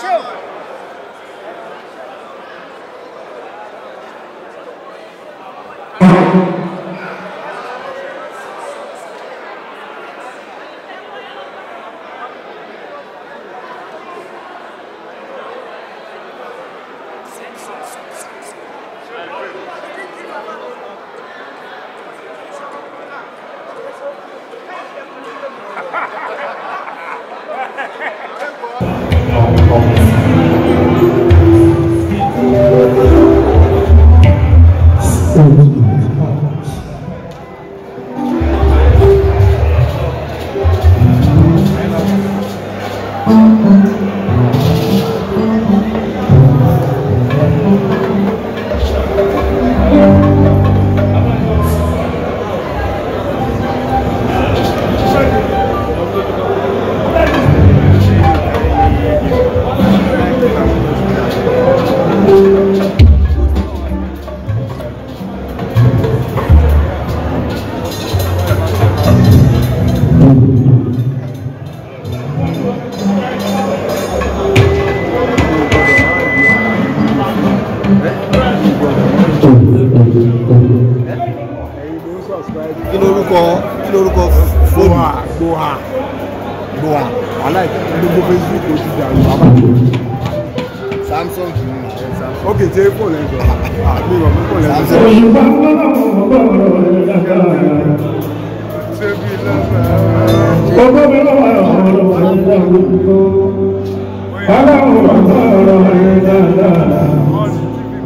Shoot! Paul. ókè tí kò lè sọ àbí ìwà kò lè sọ. òṣùpá Gbogbo mi ló wà lọ́wọ́ lọ́wọ́ lọ́wọ́. Bàbá mi wà lọ́wọ́ lọ́wọ́ yẹn dáadáa.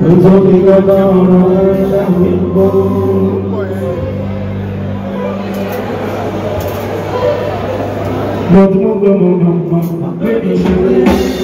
Nítorí lọ́wọ́ lọ́wọ́ yẹn dáadáa. Gbogbo mi ló wà lọ́wọ́ lọ́wọ́ yẹn dáadáa.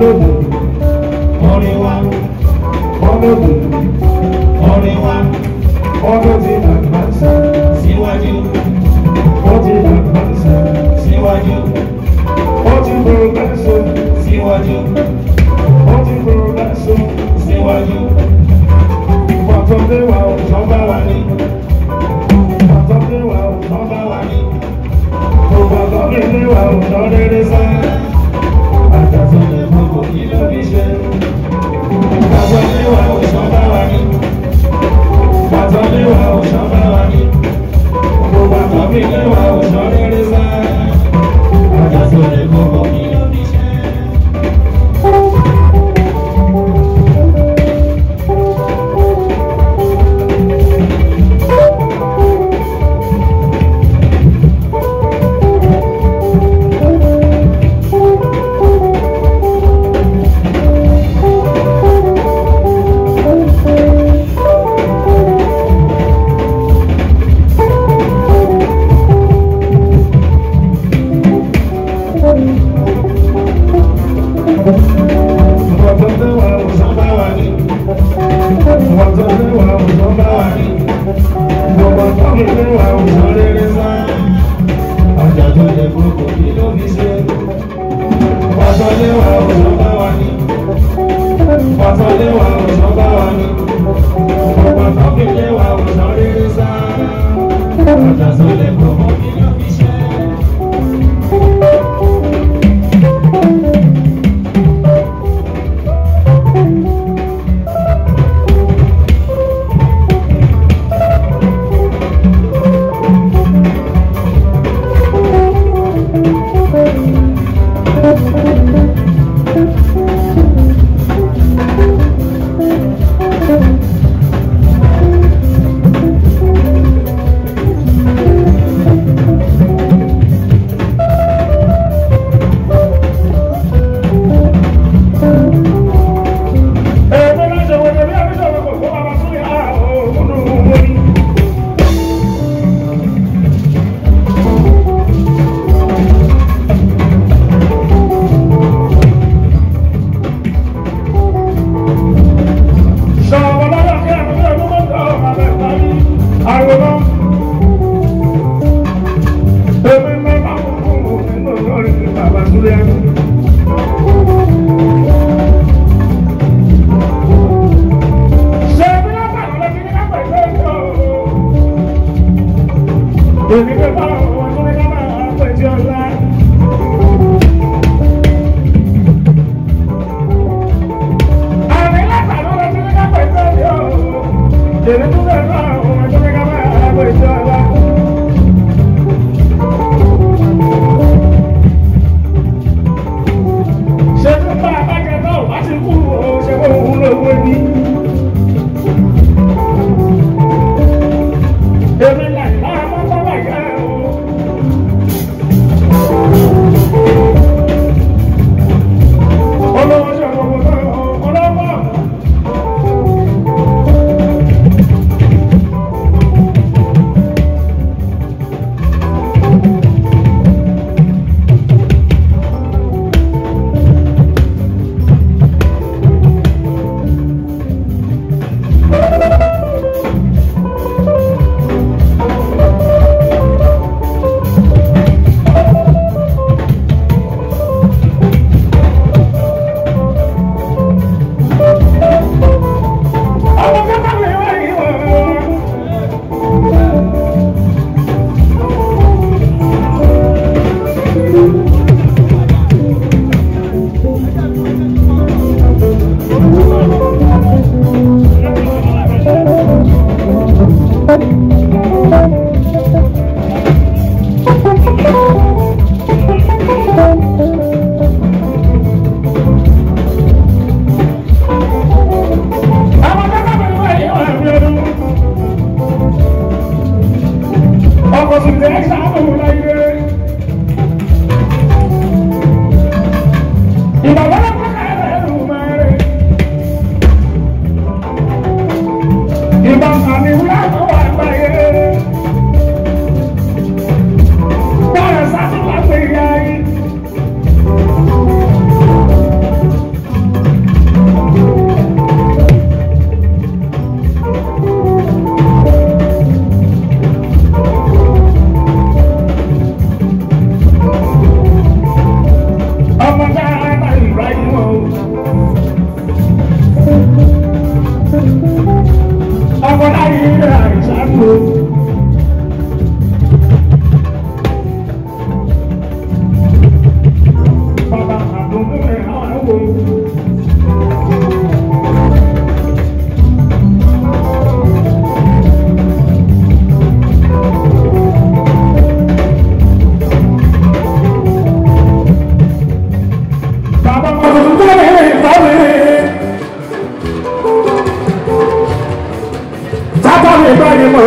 ọlọ́dún orin wa ọlọ́dún orin wa ọlọ́dún àgbà ń sá síwájú ọdún àgbà ń sá síwájú ọdún gbòògbà ń sọ síwájú ọdún gbòògbà ń sọ síwájú ìfọ̀tọ̀lẹ́wà ọ̀tọ̀ bá wà ní ìfọ̀tọ̀lẹ́wà ọ̀tọ̀ bá wà ní ìfọ̀tọ̀lẹ́wà ọ̀tọ̀ rere sáyẹn. Pàtó lé wa, ọ̀sán bá wa ní. Pàtó kéde wa. Y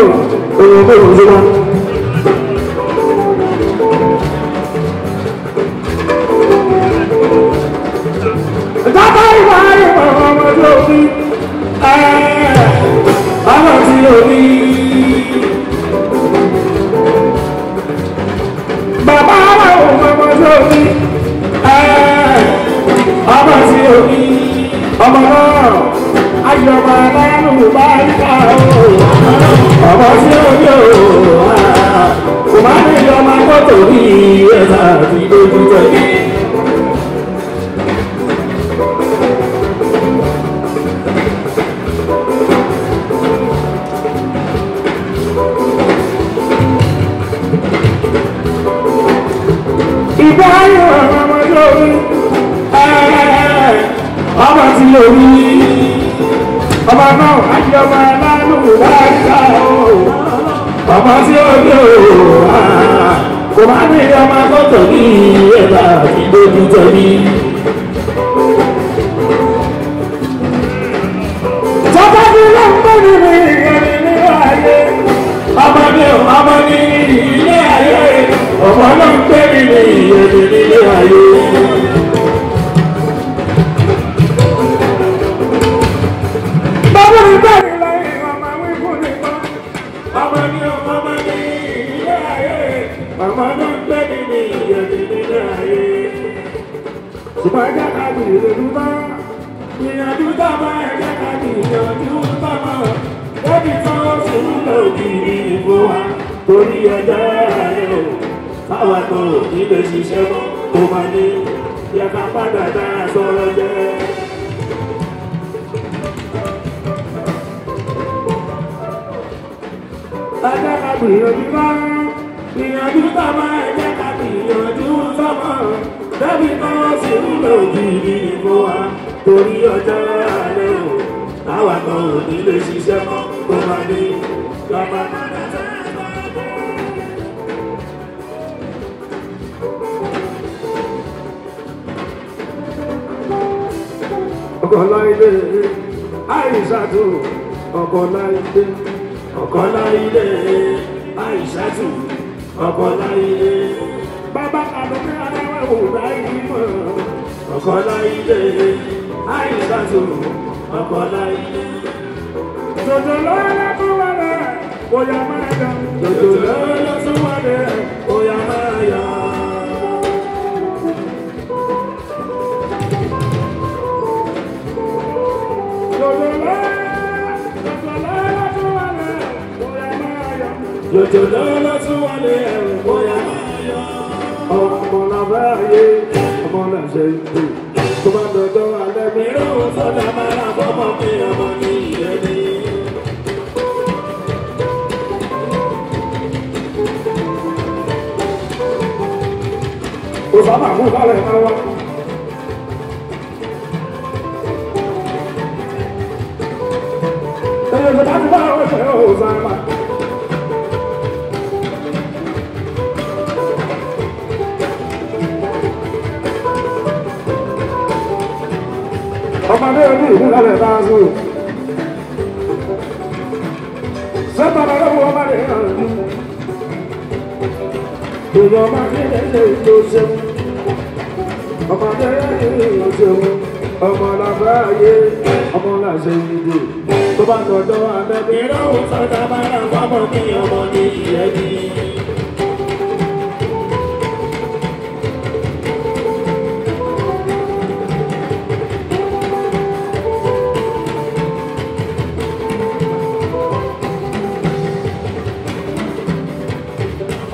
òyìnbó bẹ́ẹ̀ ló ń jóná. Bàbá ìwà ìwà ọmọ tí ó bí ọmọ tí ó Àjọba lẹ́nu bá ń ká o. Ọmọ sí ojú o. Kò má ní ìjọba tó torí ẹ̀sà àti ojú tẹ̀lé. Ìbáyọ̀ ọmọ lórí. Ọmọ ti lórí ọmọ náà àti ọmọ aláàánú wá ká o ọmọ tí ó ní o kò má ní ọmọ akọ́tọ̀ ní ẹ̀bà ìgbóni tẹ̀lé. Tọ́tà ní ló ń bọ̀ nínú ìrìn ní ayé. Ọmọ ní ọmọ ní ilé ayé. Ọmọ náà ń gbé nínú ìrìn ní ayé. ọjọ́ àárẹ̀ o báwa kan ò ní lè ṣiṣẹ́ mọ́ kó máa ní yẹ ká padà dá aṣọ ọlọ́jẹ́. ọjọ́ ká gbìyànjú bá gbìyànjú bá máa ẹ̀jẹ̀ ká Ọ̀kànláìdé àìsàtù Ọ̀kànláìdé Ọ̀kànláìdé àìsàtù Ọ̀kànláìdé bàbá àdókè adáwẹ̀wò ráyé mọ̀ Ọ̀kànláìdé àìsàtù Ọ̀kànláìdé. Jòjò lọ́rẹ́ tó wà rẹ̀ kò yà máa yà. Jòjò lọ́rẹ́ tó wà rẹ̀ kò yà máa yà. lójó lọ́wọ́ tún wọlé ẹ̀rù bóyá máa yọ. ọmọ làbẹ́ ayé ọmọ làṣẹ ìlú tó bá dọ̀dọ̀ alẹ́ mi. irú sọ́dà máa ra fọ́mọ mi ọmọ mi ìyẹn ní ìlú lálẹ́ bá ń sùn. Sọ́tọ̀ bá lọ́wọ́ ọmọ rẹ̀ hàn ní. Èèyàn máa ní ilé ìlú ṣe. Ọmọ abẹ́rẹ́ ní ìlú ṣe o. Ọmọ làbá ayé, ọmọ làṣẹ ìdè. Tó bá tọ̀dọ̀ abẹ́bí. Ìdáhùn sọ́tà bá rà fábọ̀ kí ọmọ ní ìyẹ́bí.